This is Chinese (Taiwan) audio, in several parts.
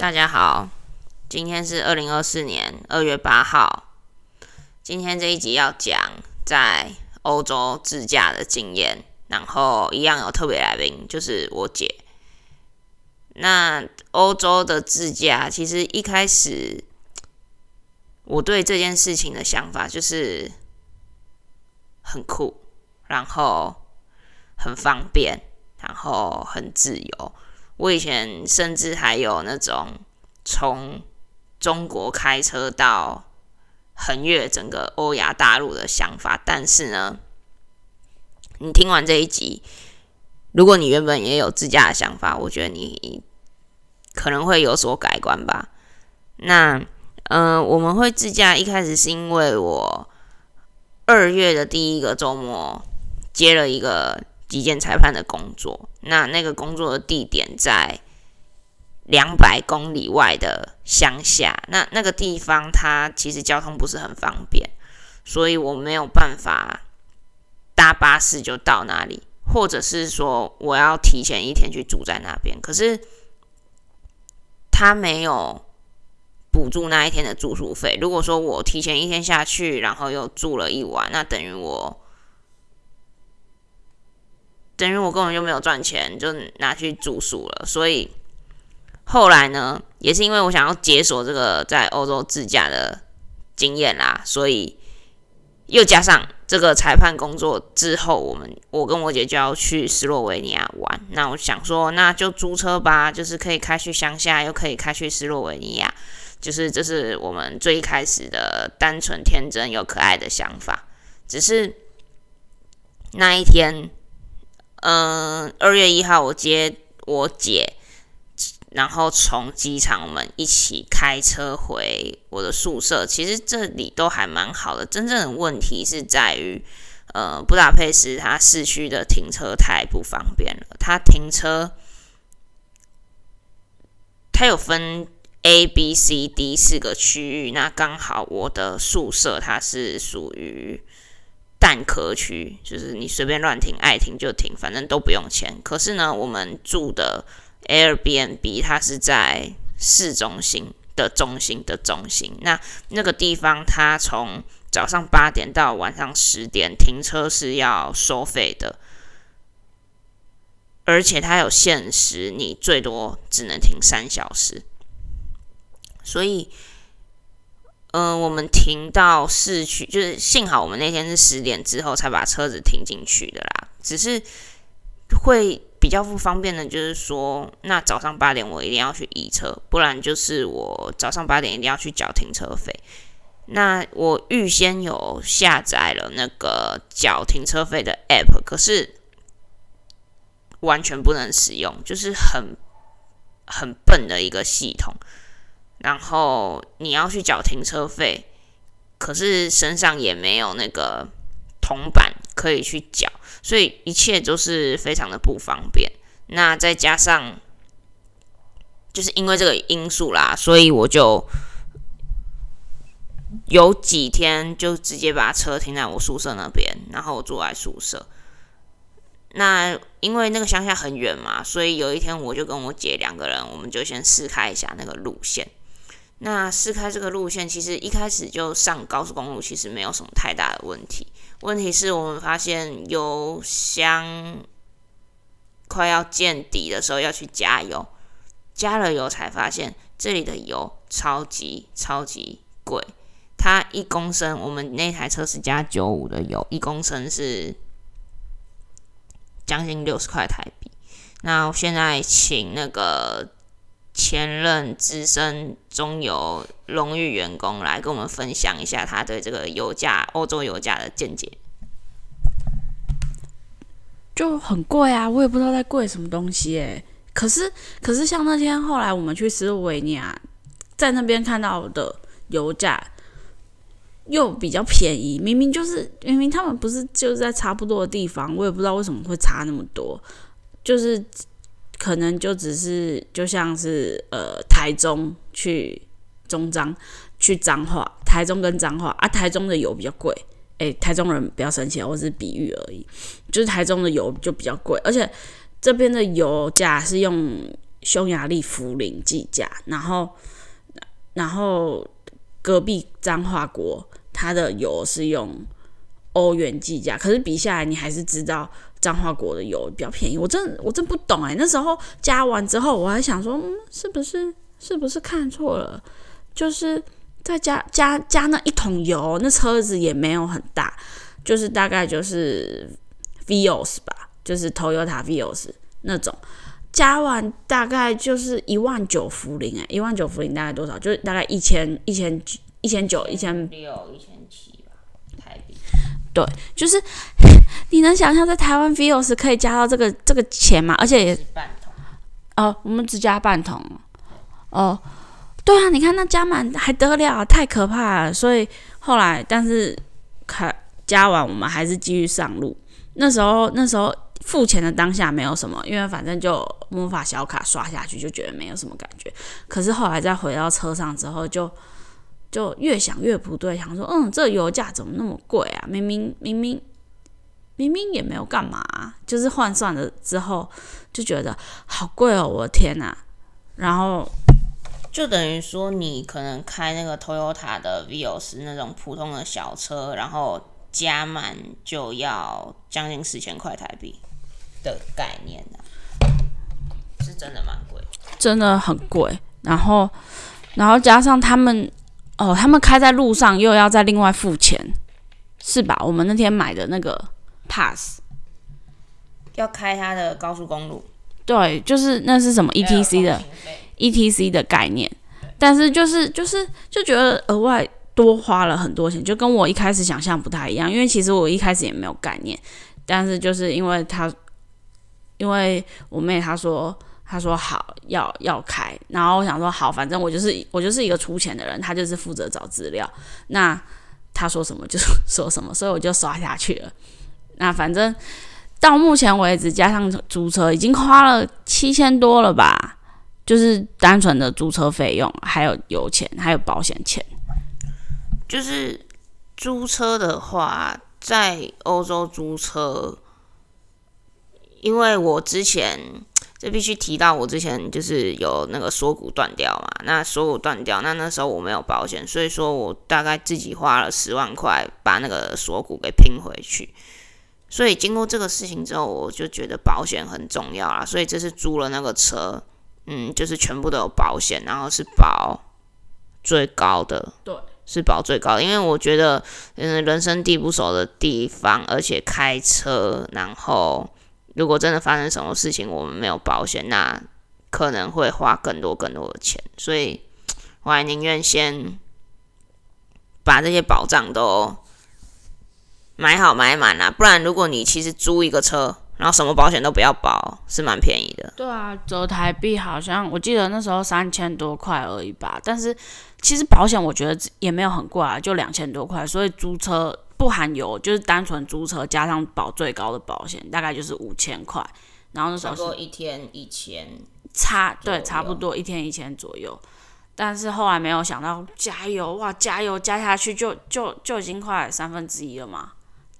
大家好，今天是二零二四年二月八號。今天這一集要講在歐洲自駕的經驗，然後一樣有特別來賓，就是我姐。那歐洲的自駕，其實一開始我對這件事情的想法就是很酷，然後很方便，然後很自由。我以前甚至還有那種從中國開車到橫越整個歐亞大陸的想法，但是呢，你聽完這一集，如果你原本也有自駕的想法，我覺得你可能會有所改觀吧。那，嗯、呃，我們會自駕，一開始是因為我二月的第一個週末接了一個。擊劍裁判的工作，那那個工作的地點在兩百公里外的鄉下，那那個地方它其實交通不是很方便，所以我沒有辦法搭巴士就到那裡，或者是說我要提前一天去住在那邊，可是他沒有補助那一天的住宿費。如果說我提前一天下去，然後又住了一晚，那等於我。等於我根本就沒有賺錢，就拿去住宿了。所以後來呢，也是因為我想要解鎖這個在歐洲自駕的經驗啦，所以又加上這個裁判工作之後，我們我跟我姐就要去斯洛維尼亞玩。那我想說，那就租車吧，就是可以開去鄉下，又可以開去斯洛維尼亞。就是這是我們最一開始的單純、天真又可愛的想法。只是那一天。嗯，二月一號我接我姐,然後從機場我們一起開車回我的宿舍。其實這裡都還蠻好的，真正的問題是在於，呃、嗯，布達佩斯它市區的停車太不方便了。它停車，它有分 A、B、C、D 四個區域，那剛好我的宿舍它是屬於。蛋殼區就是你隨便亂停，愛停就停，反正都不用錢。可是呢，我們住的 Airbnb 它是在市中心的中心的中心，那那個地方它從早上八點到晚上十點停車是要收費的，而且它有限時，你最多只能停三小時，所以。嗯、呃，我們停到市區，就是幸好我們那天是十點之後才把車子停進去的啦。只是會比較不方便的，就是說，那早上八點我一定要去移車，不然就是我早上八點一定要去繳停車費。那我預先有下載了那個繳停車費的 app，可是完全不能使用，就是很很笨的一個系統。然後你要去繳停車費，可是身上也沒有那個銅板可以去繳，所以一切都是非常的不方便。那再加上就是因為這個因素啦，所以我就有幾天就直接把車停在我宿舍那邊，然後我住在宿舍。那因為那個鄉下很遠嘛，所以有一天我就跟我姐兩個人，我們就先試開一下那個路線。那試開這個路線，其實一開始就上高速公路，其實沒有什麼太大的問題。問題是我們發現油箱快要見底的時候要去加油，加了油才發現這裡的油超級超級貴。它一公升，我們那台車是加九五的油，一公升是將近六十塊台幣。那我現在請那個。前任資深中油榮譽員工來跟我們分享一下他對這個油價、歐洲油價的見解，就很貴啊！我也不知道在貴什麼東西、欸、可是，可是像那天後來我們去斯洛維尼亞，在那邊看到的油價又比較便宜，明明就是明明他們不是就是在差不多的地方，我也不知道為什麼會差那麼多，就是。可能就只是就像是呃台中去中彰去彰化，台中跟彰化啊，台中的油比較貴，誒、欸，台中人比較省錢，我是比喻而已，就是台中的油就比較貴，而且這邊的油價是用匈牙利福林計價，然後然後隔壁彰化國它的油是用歐元計價，可是比下來你還是知道。藏化過的油比較便宜，我真我真不懂哎、欸。那時候加完之後，我還想說，嗯、是不是是不是看錯了？就是再加加加那一桶油，那車子也沒有很大，就是大概就是 Vios 吧，就是 Toyota Vios 那種。加完大概就是一萬九福林哎、欸，一萬九福林大概多少？就是大概一千一千一千九一千。對，就是你能想象在台灣 Vios 可以加到這個這個錢嗎？而且也，哦，我們只加半桶哦。對啊，你看那加滿還得了啊，太可怕了。所以後來，但是開加完，我們還是繼續上路。那時候那時候付錢的當下沒有什麼，因為反正就魔法小卡刷下去，就覺得沒有什麼感覺。可是後來再回到車上之後就。就越想越不對，想說，嗯，這油價怎麼那麼貴啊？明明明明明明也沒有幹嘛啊，就是換算了之後就覺得好貴哦，我的天吶啊，然後就等於說，你可能開那個 Toyota 的 Vios 那種普通的小車，然後加滿就要將近四千塊台幣的概念呢啊，是真的蠻貴的，真的很貴。然後，然後加上他們。哦，他們開在路上又要再另外付錢，是吧？我們那天買的那個 pass，要開他的高速公路。對，就是那是什麼 ETC 的 ETC 的概念，但是就是就是就覺得額外多花了很多錢，就跟我一開始想象不太一樣。因為其實我一開始也沒有概念，但是就是因為他，因為我妹她說。他說好要要開，然後我想說好，反正我就是我就是一個出錢的人，他就是負責找資料。那他說什麼就說什麼，所以我就刷下去了。那反正到目前為止，加上租車已經花了七千多了吧，就是單純的租車費用，還有油錢，還有保險錢。就是租車的話，在歐洲租車，因為我之前。這必須提到，我之前就是有那個鎖骨斷掉嘛。那鎖骨斷掉，那那時候我沒有保險，所以說我大概自己花了十萬塊把那個鎖骨給拼回去。所以經過這個事情之後，我就覺得保險很重要啦。所以這次租了那個車，嗯，就是全部都有保險，然後是保最高的，對，是保最高的。因為我覺得，嗯，人生地不熟的地方，而且開車，然後。如果真的發生什麼事情，我們沒有保險，那可能會花更多更多的錢。所以，我還寧願先把這些保障都買好買滿啦、啊。不然，如果你其實租一個車，然後什麼保險都不要保，是蠻便宜的。對啊，折台幣好像我記得那時候三千多塊而已吧。但是其實保險我覺得也沒有很貴、啊，就兩千多塊。所以租車。不含油就是單純租車加上保最高的保險，大概就是五千塊。然後那時候是差、差不多一天一千，差對，差不多一天一千左右。但是後來沒有想到加油哇，加油加下去就就就已經快三分之一了嘛。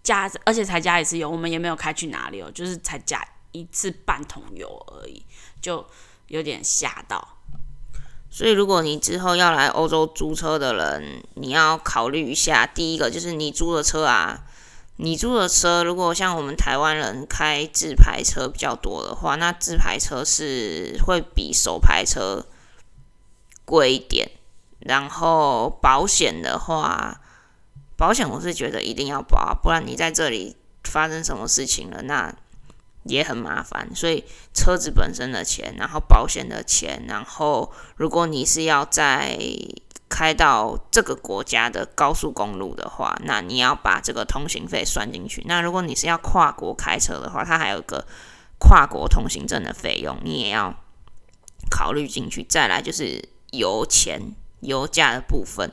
加而且才加一次油，我們也沒有開去哪裡哦，就是才加一次半桶油而已，就有點嚇到。所以，如果你之後要來歐洲租車的人，你要考慮一下。第一個就是你租的車啊，你租的車，如果像我們台灣人開自排車比較多的話，那自排車是會比手排車貴一點。然後保險的話，保險我是覺得一定要保，不然你在這裡發生什麼事情了，那，也很麻煩，所以車子本身的錢，然後保險的錢，然後如果你是要在開到這個國家的高速公路的話，那你要把這個通行費算進去。那如果你是要跨國開車的話，它還有一個跨國通行證的費用，你也要考慮進去。再來就是油錢、油價的部分。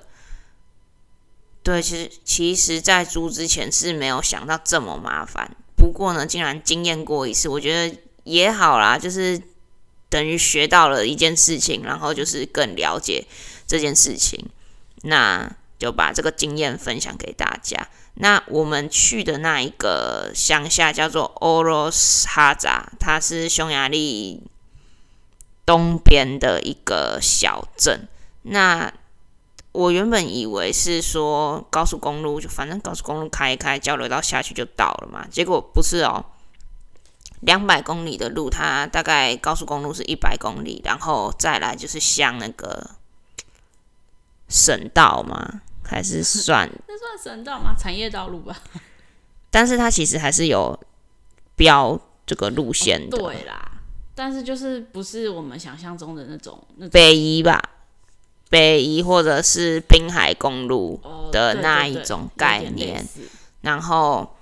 對，其實其實，在租之前是沒有想到這麼麻煩。不過呢，竟然經驗過一次，我覺得也好啦，就是等於學到了一件事情，然後就是更了解這件事情，那就把這個經驗分享給大家。那我們去的那一個鄉下叫做 Orosháza，它是匈牙利東邊的一個小鎮。那我原本以為是說高速公路，就反正高速公路開一開，交流道下去就到了嘛。結果不是哦，兩百公里的路，它大概高速公路是一百公里，然後再來就是像那個省道嗎？還是算？那、嗯、算省道嗎？產業道路吧。但是它其實還是有標這個路線的、哦。對啦，但是就是不是我們想象中的那種那種北宜吧？北宜或者是濱海公路的那一種概念，然後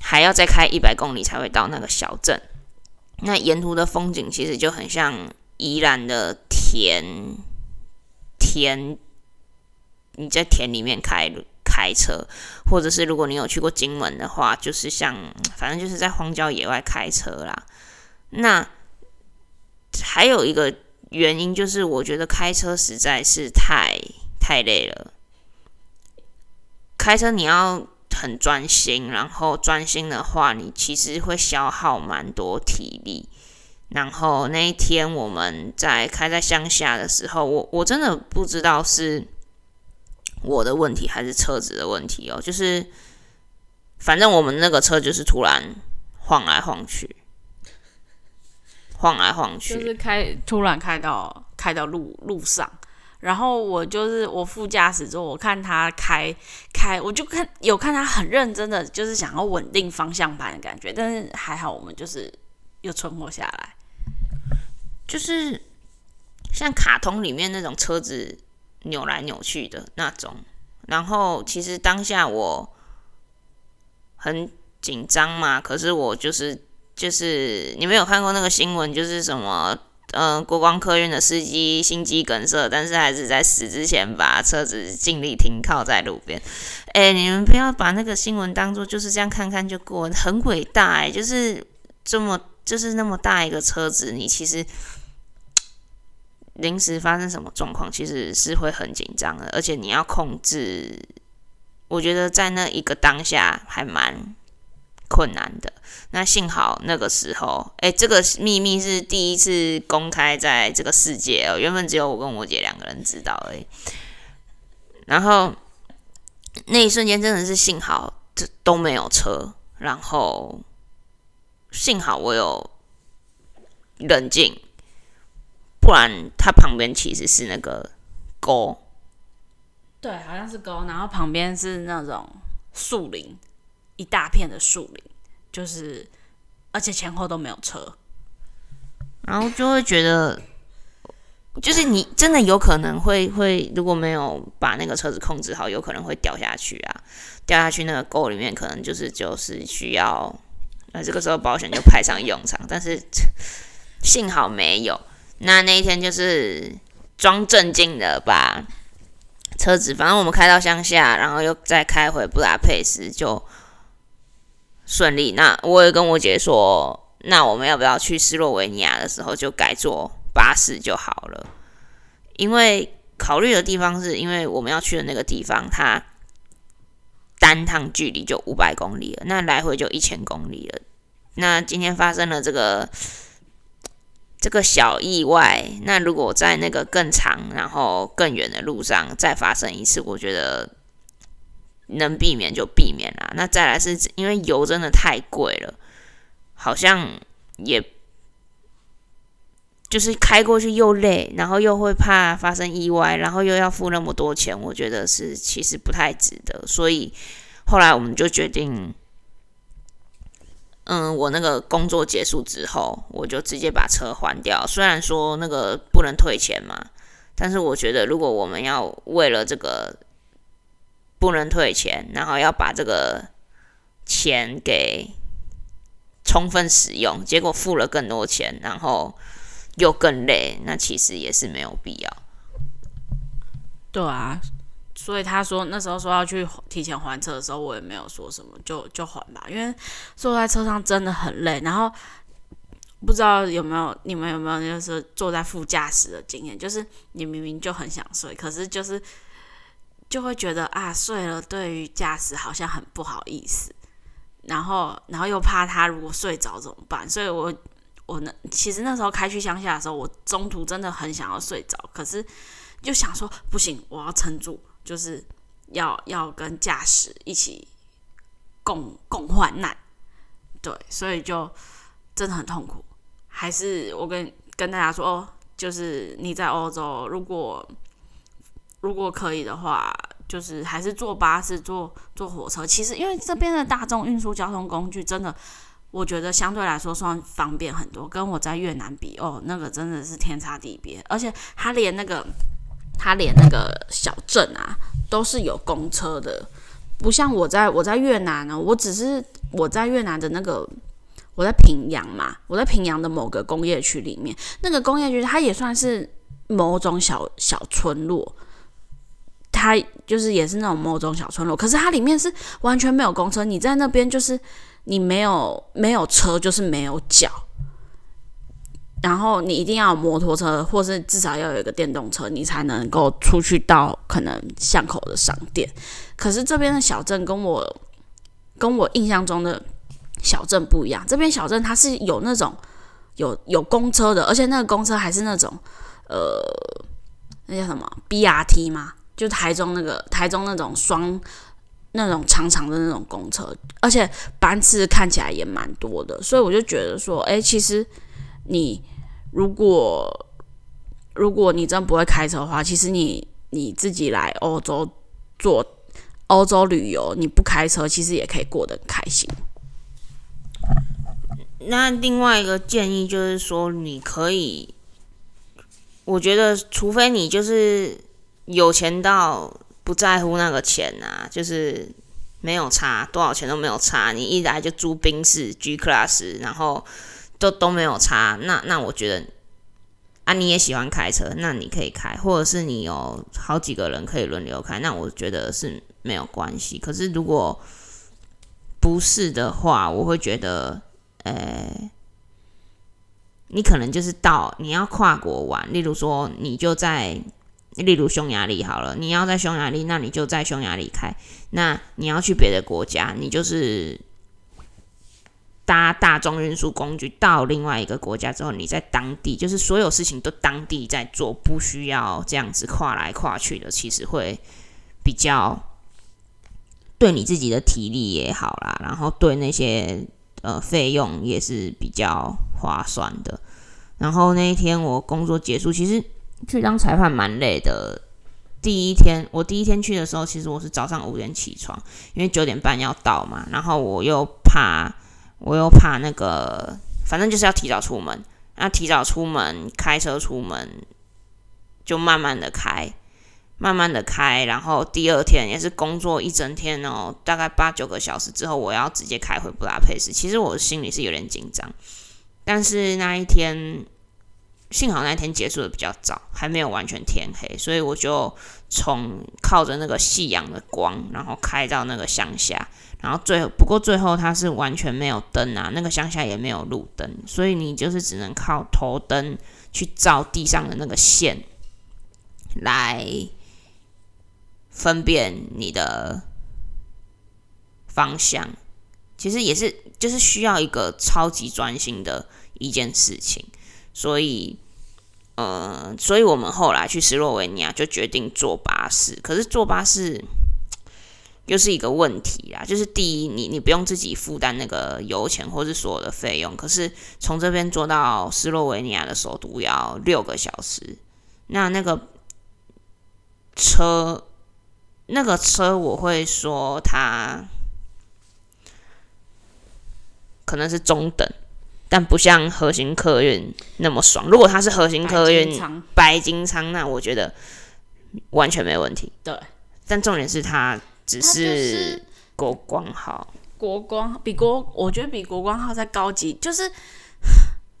還要再開一百公里才會到那個小鎮。那沿途的風景其實就很像宜蘭的田田，你在田裡面開開車，或者是如果你有去過金門的話，就是像反正就是在荒郊野外開車啦。那還有一個。原因就是，我覺得開車實在是太太累了。開車你要很專心，然後專心的話，你其實會消耗蠻多體力。然後那一天我們在開在鄉下的時候我，我我真的不知道是我的問題還是車子的問題哦。就是反正我們那個車就是突然晃來晃去。晃來晃去，就是開，就是開突然開到開到路路上，然後我就是我副駕駛座，我看他開開，我就看有看他很認真的，就是想要穩定方向盤的感覺，但是還好我們就是又存活下來，就是像卡通裡面那種車子扭來扭去的那種，然後其實當下我很緊張嘛，可是我就是。就是你們有看過那個新聞，就是什麼，呃，國光客運的司機心肌梗塞，但是還是在死之前把車子盡力停靠在路邊。誒，你們不要把那個新聞當做就是這樣看看就過，很偉大誒，就是這麼就是那麼大一個車子，你其實臨時發生什麼狀況，其實是會很緊張的，而且你要控制，我覺得在那一個當下還蠻。困難的，那幸好那個時候，誒，這個祕密是第一次公開在這個世界哦，原本只有我跟我姐兩個人知道誒，然後那一瞬間真的是幸好，這都沒有車，然後幸好我有冷靜，不然他旁邊其實是那個溝，對，好像是溝，然後旁邊是那種樹林。一大片的樹林，就是而且前後都沒有車，然後就會覺得，就是你真的有可能會會如果沒有把那個車子控制好，有可能會掉下去啊！掉下去那個溝裡面，可能就是就是需要啊，這個時候保險就派上用場。但是幸好沒有。那那一天就是裝正經的，把車子反正我們開到鄉下，然後又再開回布達佩斯就。順利。那我也跟我姐姐說，那我們要不要去斯洛維尼亞的時候就改坐巴士就好了？因為考慮的地方是因為我們要去的那個地方，它單趟距離就五百公里了，那來回就一千公里了。那今天發生了這個這個小意外，那如果在那個更長然後更遠的路上再發生一次，我覺得。能避免就避免啦。那再來是因為油真的太貴了，好像也就是開過去又累，然後又會怕發生意外，然後又要付那麼多錢，我覺得是其實不太值得。所以後來我們就決定，嗯，我那個工作結束之後，我就直接把車還掉。雖然說那個不能退錢嘛，但是我覺得如果我們要為了這個。不能退錢，然後要把這個錢給充分使用，結果付了更多錢，然後又更累，那其實也是沒有必要。對啊，所以他說那時候說要去提前還車的時候，我也沒有說什麼，就就還吧，因為坐在車上真的很累。然後不知道有沒有你們有沒有就是坐在副駕駛的經驗，就是你明明就很想睡，可是就是。就會覺得啊，睡了對於駕駛好像很不好意思，然後然後又怕他如果睡着怎麼辦？所以我，我我呢，其實那時候開去鄉下的時候，我中途真的很想要睡着，可是就想說不行，我要撐住，就是要要跟駕駛一起共共患難，對，所以就真的很痛苦。還是我跟跟大家說哦，就是你在歐洲如果。如果可以的話，就是還是坐巴士、坐坐火車。其實，因為這邊的大眾運輸交通工具真的，我覺得相對來說算方便很多。跟我在越南比哦，那個真的是天差地別。而且，他連那個他連那個小鎮啊，都是有公車的，不像我在我在越南呢。我只是我在越南的那個我在平陽嘛，我在平陽的某個工業區裡面，那個工業區它也算是某種小小村落。它就是也是那種某種小村落，可是它裡面是完全沒有公車。你在那邊就是你沒有沒有車，就是沒有腳，然後你一定要有摩托車，或是至少要有一個電動車，你才能夠出去到可能巷口的商店。可是這邊的小鎮跟我跟我印象中的小鎮不一樣，這邊小鎮它是有那種有有公車的，而且那個公車還是那種呃那叫什麼 BRT 嗎？就台中那個台中那種雙那種長長的那種公車，而且班次看起來也蠻多的，所以我就覺得說，哎，其實你如果如果你真不會開車的話，其實你你自己來歐洲做歐洲旅遊，你不開車其實也可以過得開心。那另外一個建議就是說，你可以，我覺得除非你就是。有錢到不在乎那個錢啊，就是沒有差，多少錢都沒有差。你一來就租賓士 G Class，然後都都沒有差。那那我覺得啊，你也喜歡開車，那你可以開，或者是你有好幾個人可以輪流開，那我覺得是沒有關係。可是如果不是的話，我會覺得，誒、欸，你可能就是到你要跨國玩，例如說你就在。例如匈牙利好了，你要在匈牙利，那你就在匈牙利開。那你要去別的國家，你就是搭大眾運輸工具到另外一個國家之後，你在當地就是所有事情都當地在做，不需要這樣子跨來跨去的，其實會比較對你自己的體力也好啦，然後對那些呃費用也是比較划算的。然後那一天我工作結束，其實。去當裁判蠻累的。第一天，我第一天去的時候，其實我是早上五點起床，因為九點半要到嘛。然後我又怕，我又怕那個，反正就是要提早出門。那提早出門，開車出門，就慢慢的開，慢慢的開。然後第二天也是工作一整天哦，大概八九個小時之後，我要直接開回布達佩斯。其實我心裡是有點緊張，但是那一天。幸好那天結束的比較早，還沒有完全天黑，所以我就從靠着那個夕陽的光，然後開到那個鄉下，然後最後不過最後它是完全沒有燈啊，那個鄉下也沒有路燈，所以你就是只能靠頭燈去照地上的那個線，來分辨你的方向。其實也是就是需要一個超級專心的一件事情，所以。呃、嗯，所以我們後來去斯洛維尼亞就決定坐巴士，可是坐巴士又是一個問題啦。就是第一，你你不用自己負擔那個油錢或是所有的費用，可是從這邊坐到斯洛維尼亞的首都要六個小時，那那個車，那個車我會說它可能是中等。但不像和欣客運那麼爽。如果它是和欣客運白金艙，那我覺得完全沒問題。對，但重點是它只是國光號，國光比國，我覺得比國光號再高級。就是，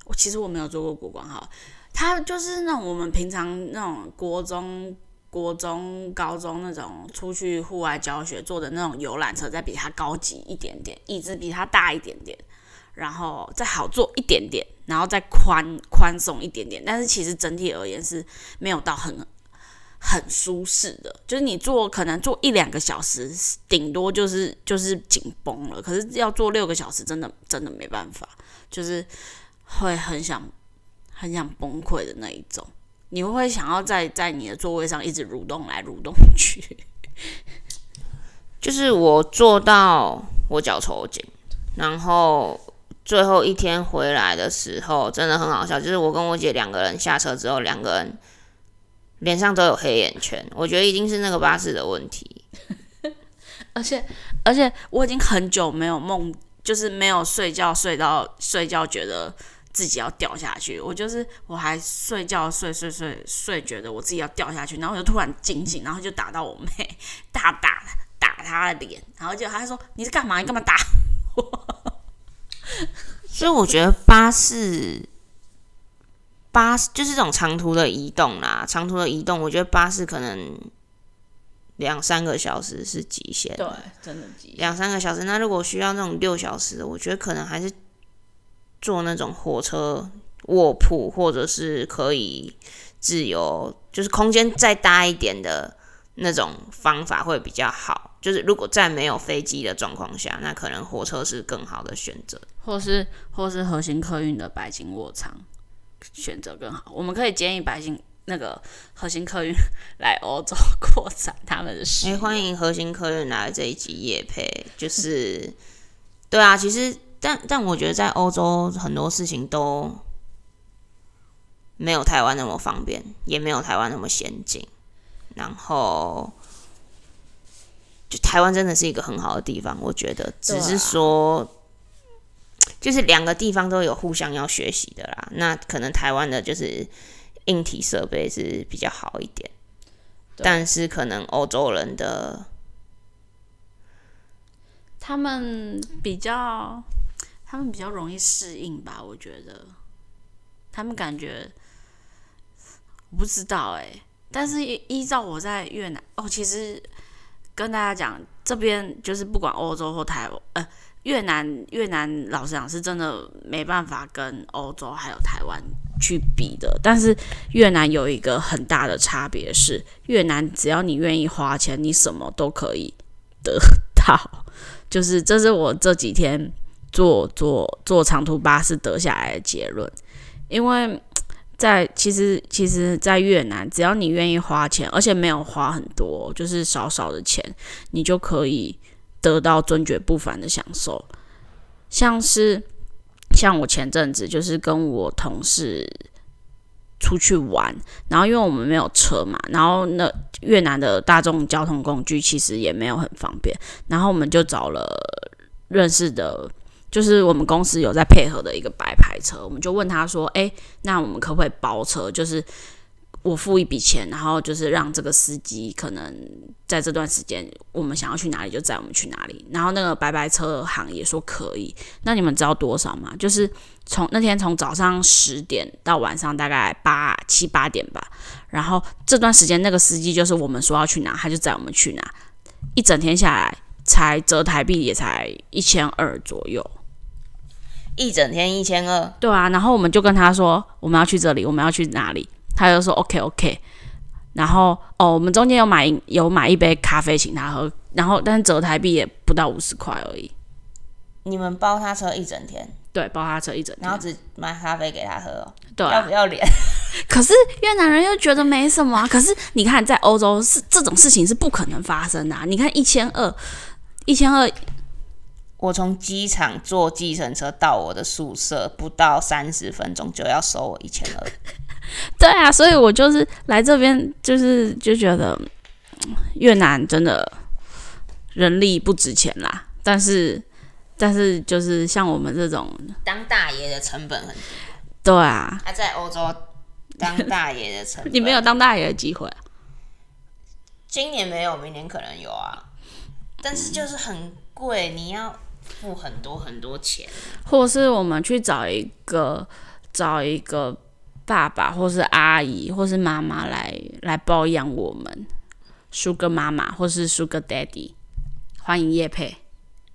我其實我沒有坐過國光號，它就是那種我們平常那種國中、國中、高中那種出去戶外教學坐的那種遊覽車，再比它高級一點點，椅子比它大一點點。然後再好坐一點點，然後再寬寬鬆一點點，但是其實整體而言是沒有到很很舒適的，就是你坐可能坐一兩個小時，頂多就是就是緊繃了，可是要坐六個小時，真的真的沒辦法，就是會很想很想崩潰的那一種，你會不會想要在在你的座位上一直蠕動來蠕動去？就是我坐到我腳抽筋，然後。最後一天回來的時候，真的很好笑。就是我跟我姐兩個人下車之後，兩個人臉上都有黑眼圈。我覺得一定是那個巴士的問題。 而且，而且我已經很久沒有夢，就是沒有睡覺睡到睡覺，覺得自己要掉下去。我就是我還睡覺睡睡睡睡，睡覺得我自己要掉下去，然後我就突然驚醒，然後就打到我妹，打打打她的臉，然後就還說：“你是幹嘛？你幹嘛打我？” 所以我覺得巴士、巴士就是這種長途的移動啦，長途的移動，我覺得巴士可能兩三個小時是極限，對，真的極限兩三個小時。那如果需要那種六小時，我覺得可能還是坐那種火車臥鋪，或者是可以自由，就是空間再大一點的那種方法會比較好。就是如果在沒有飛機的狀況下，那可能火車是更好的選擇，或是或是和欣客運的白金臥艙選擇更好。我們可以建議白金那個和欣客運來歐洲擴展他們的事業、欸、歡迎和欣客運來這一集業配，就是對啊，其實但但我覺得在歐洲很多事情都沒有台灣那麼方便，也沒有台灣那麼先進，然後。台灣真的是一個很好的地方，我覺得，只是說，啊、就是兩個地方都有互相要學習的啦。那可能台灣的就是硬體設備是比較好一點，對但是可能歐洲人的他們比較，他們比較容易適應吧。我覺得，他們感覺，我不知道哎、欸，但是依照我在越南哦、喔，其實。跟大家講，這邊就是不管歐洲或台灣，呃，越南，越南老實講是真的沒辦法跟歐洲還有台灣去比的。但是越南有一個很大的差別是，越南只要你願意花錢，你什麼都可以得到。就是這是我這幾天坐坐坐長途巴士得下來的結論，因為。在其實，其實，在越南，只要你願意花錢，而且沒有花很多，就是少少的錢，你就可以得到尊爵不凡的享受。像是像我前陣子就是跟我同事出去玩，然後因為我們沒有車嘛，然後那越南的大眾交通工具其實也沒有很方便，然後我們就找了認識的。就是我們公司有在配合的一個白牌車，我們就問他說：“誒，那我們可不可以包車？就是我付一筆錢，然後就是讓這個司機可能在這段時間，我們想要去哪裡就載我們去哪裡。”然後那個白牌車行也說可以。那你們知道多少嗎？就是從那天從早上十點到晚上大概八七八點吧，然後這段時間那個司機就是我們說要去哪，他就載我們去哪。一整天下來才折台幣也才一千二左右。一整天一千二，對啊，然後我們就跟他說，我們要去這裡，我們要去哪裡，他就說 OK OK，然後哦，我們中間有買有買一杯咖啡請他喝，然後但是折台幣也不到五十塊而已。你們包他車一整天，對，包他車一整天。然後只買咖啡給他喝哦，對啊，要不要臉？可是越南人又覺得沒什麼啊，可是你看在歐洲是這種事情是不可能發生的啊，你看一千二，一千二。我從機場坐計程車到我的宿舍，不到三十分鐘就要收我一千二。 對啊，所以我就是來這邊，就是就覺得越南真的人力不值錢啦。但是，但是就是像我們這種當大爺的成本很低。對啊，啊在歐洲當大爺的成本， 你沒有當大爺的機會。今年沒有，明年可能有啊。但是就是很貴，你要。付、哦、很多很多錢，或是我們去找一個找一個爸爸，或是阿姨，或是媽媽來來包養我們，Sugar 媽媽或是 Sugar Daddy，歡迎業配，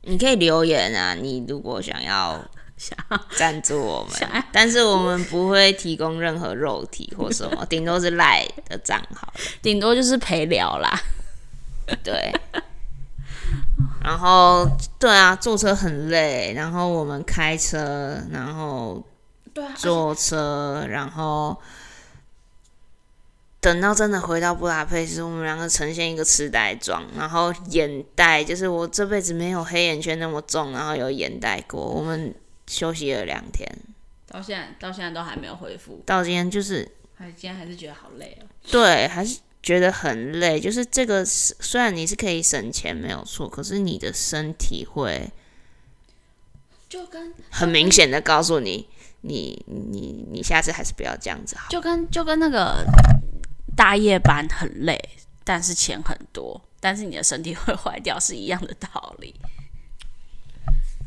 你可以留言啊，你如果想要想要贊助我們，要但是我們不會提供任何肉體或什麼，頂 多是賴的賬號，頂多就是陪聊啦，對。然後，對啊，坐車很累。然後我們開車，然後對啊，坐車，然後等到真的回到布達佩斯，我們兩個呈現一個痴呆狀，然後眼袋，就是我這輩子沒有黑眼圈那麼重，然後有眼袋過。我們休息了兩天，到現在到現在都還沒有恢復。到今天就是，還今天還是覺得好累啊、哦。對，還是。覺得很累，就是這個雖然你是可以省錢沒有錯，可是你的身體會就跟很明顯的告訴你，你你你下次還是不要這樣子好，就跟就跟那個大夜班很累，但是錢很多，但是你的身體會壞掉是一樣的道理。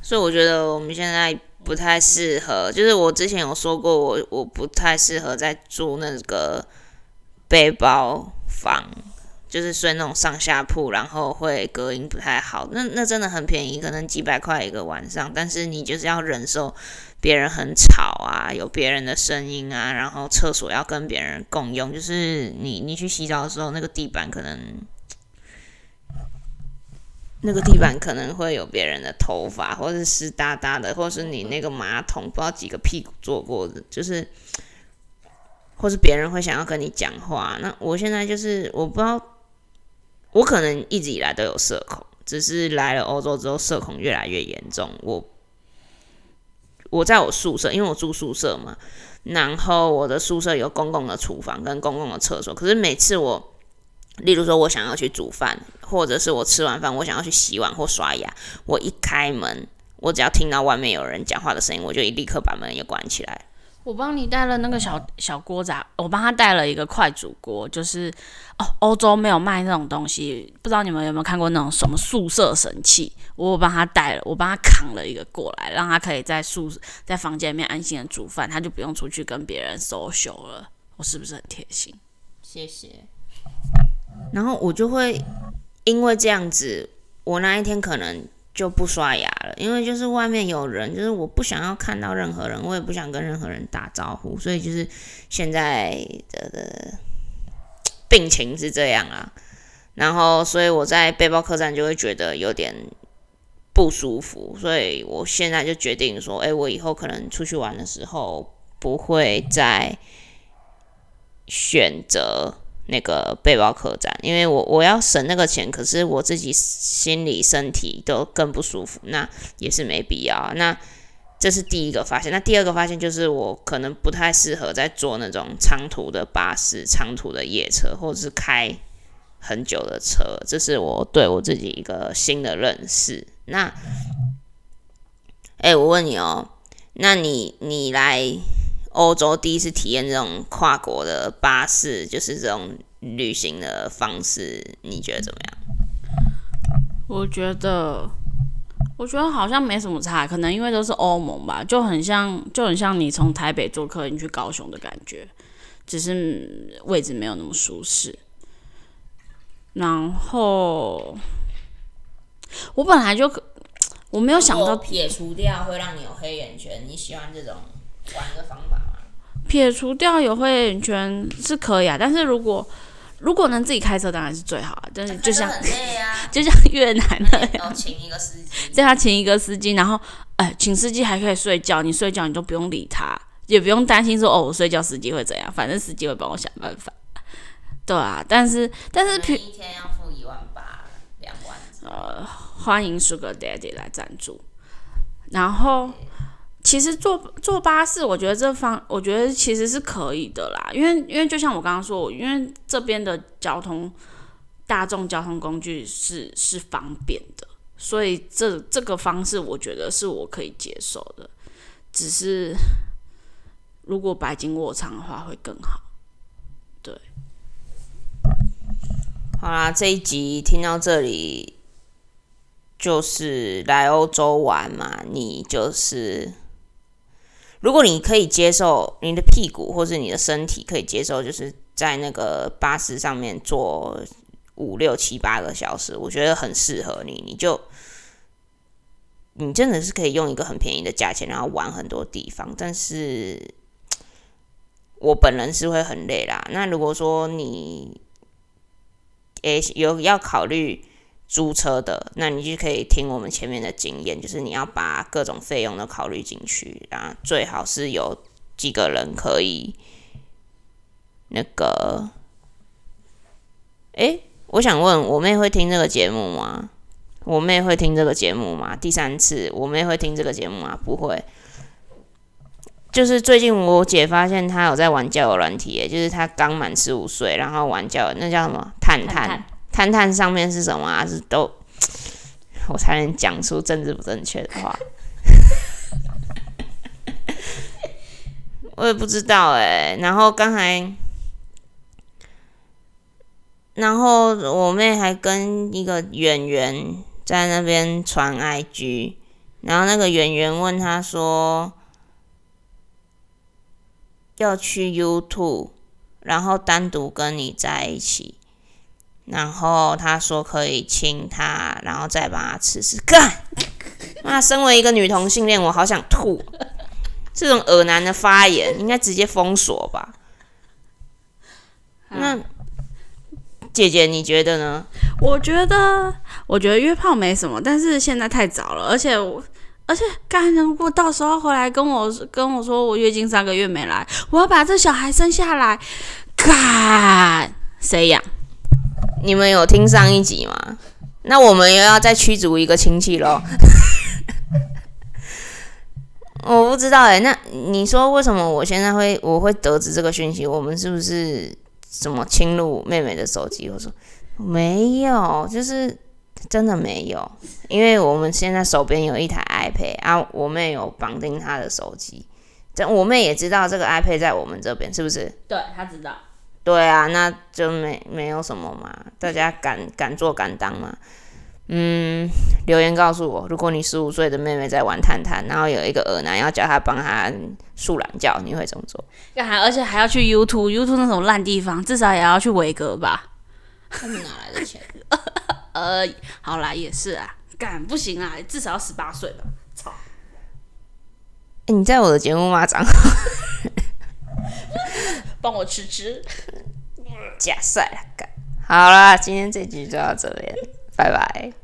所以我覺得我們現在不太適合，就是我之前有說過我，我我不太適合在住那個背包房就是睡那種上下鋪，然後會隔音不太好，那那真的很便宜，可能幾百塊一個晚上，但是你就是要忍受別人很吵啊，有別人的聲音啊，然後廁所要跟別人共用，就是你你去洗澡的時候，那個地板可能那個地板可能會有別人的頭髮，或者濕噠噠的，或是你那個馬桶不知道幾個屁股坐過的，就是。或是別人會想要跟你講話，那我現在就是我不知道，我可能一直以來都有社恐，只是來了歐洲之後社恐越來越嚴重。我我在我宿舍，因為我住宿舍嘛，然後我的宿舍有公共的廚房跟公共的廁所。可是每次我，例如說我想要去煮飯，或者是我吃完飯我想要去洗碗或刷牙，我一開門，我只要聽到外面有人講話的聲音，我就立刻把門也關起來。我幫你帶了那個小小鍋子，我幫他帶了一個快煮鍋，就是哦，歐洲沒有賣那種東西，不知道你們有沒有看過那種什麼宿舍神器？我幫他帶了，我幫他扛了一個過來，讓他可以在宿在房間裡面安心的煮飯，他就不用出去跟別人 social 了。我是不是很貼心？謝謝。然後我就會因為這樣子，我那一天可能。就不刷牙了，因為就是外面有人，就是我不想要看到任何人，我也不想跟任何人打招呼，所以就是現在的的病情是這樣啊。然後，所以我在背包客棧就會覺得有點不舒服，所以我現在就決定說，哎，我以後可能出去玩的時候不會再選擇。那個背包客棧，因為我我要省那個錢，可是我自己心裡身體都更不舒服，那也是沒必要。那這是第一個發現。那第二個發現就是我可能不太適合再坐那種長途的巴士、長途的夜車，或者是開很久的車。這是我對我自己一個新的認識。那，哎，我問你哦，那你你來？歐洲第一次體驗這種跨國的巴士，就是這種旅行的方式，你覺得怎麼樣？我覺得，我覺得好像沒什麼差，可能因為都是歐盟吧，就很像就很像你從台北坐客運去高雄的感覺，只是位置沒有那麼舒適。然後，我本來就，我沒有想到撇除掉會讓你有黑眼圈。你喜歡這種玩的方法？撇除掉有黑眼圈是可以啊，但是如果如果能自己開車當然是最好了，啊。但是就像，啊、 就像越南那樣，請一個司機，他請一個司機，然後哎，呃，請司機還可以睡覺，你睡覺你都不用理他，也不用擔心說哦，我睡覺司機會怎樣，反正司機會幫我想辦法。對啊，但是但是平一天要付一萬八兩萬。呃，歡迎 Sugar Daddy 來贊助，然後。其實坐坐巴士，我覺得這方我覺得其實是可以的啦，因為因為就像我剛剛說，因為這邊的交通大眾交通工具是是方便的，所以這這個方式我覺得是我可以接受的。只是如果白金臥艙的話會更好。對，好啦，這一集聽到這裡，就是來歐洲玩嘛，你就是。如果你可以接受你的屁股，或是你的身體可以接受，就是在那個巴士上面坐五六七八個小時，我覺得很適合你。你就你真的是可以用一個很便宜的價錢，然後玩很多地方。但是，我本人是會很累啦。那如果說你誒有要考慮。租車的，那你就可以聽我們前面的經驗，就是你要把各種費用都考慮進去，然後最好是有幾個人可以那個。誒，我想問我妹會聽這個節目嗎？我妹會聽這個節目嗎？第三次，我妹會聽這個節目嗎？不會。就是最近我姐發現她有在玩交友軟體，就是她剛滿十五歲，然後玩交友那叫什麼？探探。探探探探上面是什麼啊？是都我才能講出政治不正確的話。 我也不知道誒，然後剛才，然後我妹還跟一個演員在那邊傳 IG，然後那個演員問她說要去 YouTube，然後單獨跟你在一起。然後他說可以親他，然後再把他吃死。幹！那身為一個女同性戀，我好想吐。這種惡男的發言應該直接封鎖吧？好那姐姐你覺得呢？我覺得，我覺得約炮沒什麼，但是現在太早了，而且我，而且幹！如果到時候回來跟我跟我說我月經三個月沒來，我要把這小孩生下來，幹，誰養？你們有聽上一集嗎？那我們又要再驅逐一個親戚咯。 我不知道誒、欸，那你說為什麼我現在會我會得知這個訊息？我們是不是怎麼侵入妹妹的手機？我說沒有，就是真的沒有，因為我們現在手邊有一台 iPad 啊，我妹有綁定她的手機，這我妹也知道這個 iPad 在我們這邊，是不是？對，她知道。對啊，那就沒沒有什麼嘛，大家敢敢做敢當嘛。嗯，留言告訴我，如果你十五歲的妹妹在玩探探，然後有一個噁男要叫她幫她睡懶覺，你會怎麼做？幹啥、啊？而且還要去 YouTube，YouTube 那種爛地方，至少也要去維格吧？你 哪來的錢？ 呃，好啦，也是啊，幹，不行啊，至少要十八歲了。操！哎，你在我的節目嗎？長。 幫我吃吃，假帥，好啦，今天這集就到這邊， 拜拜。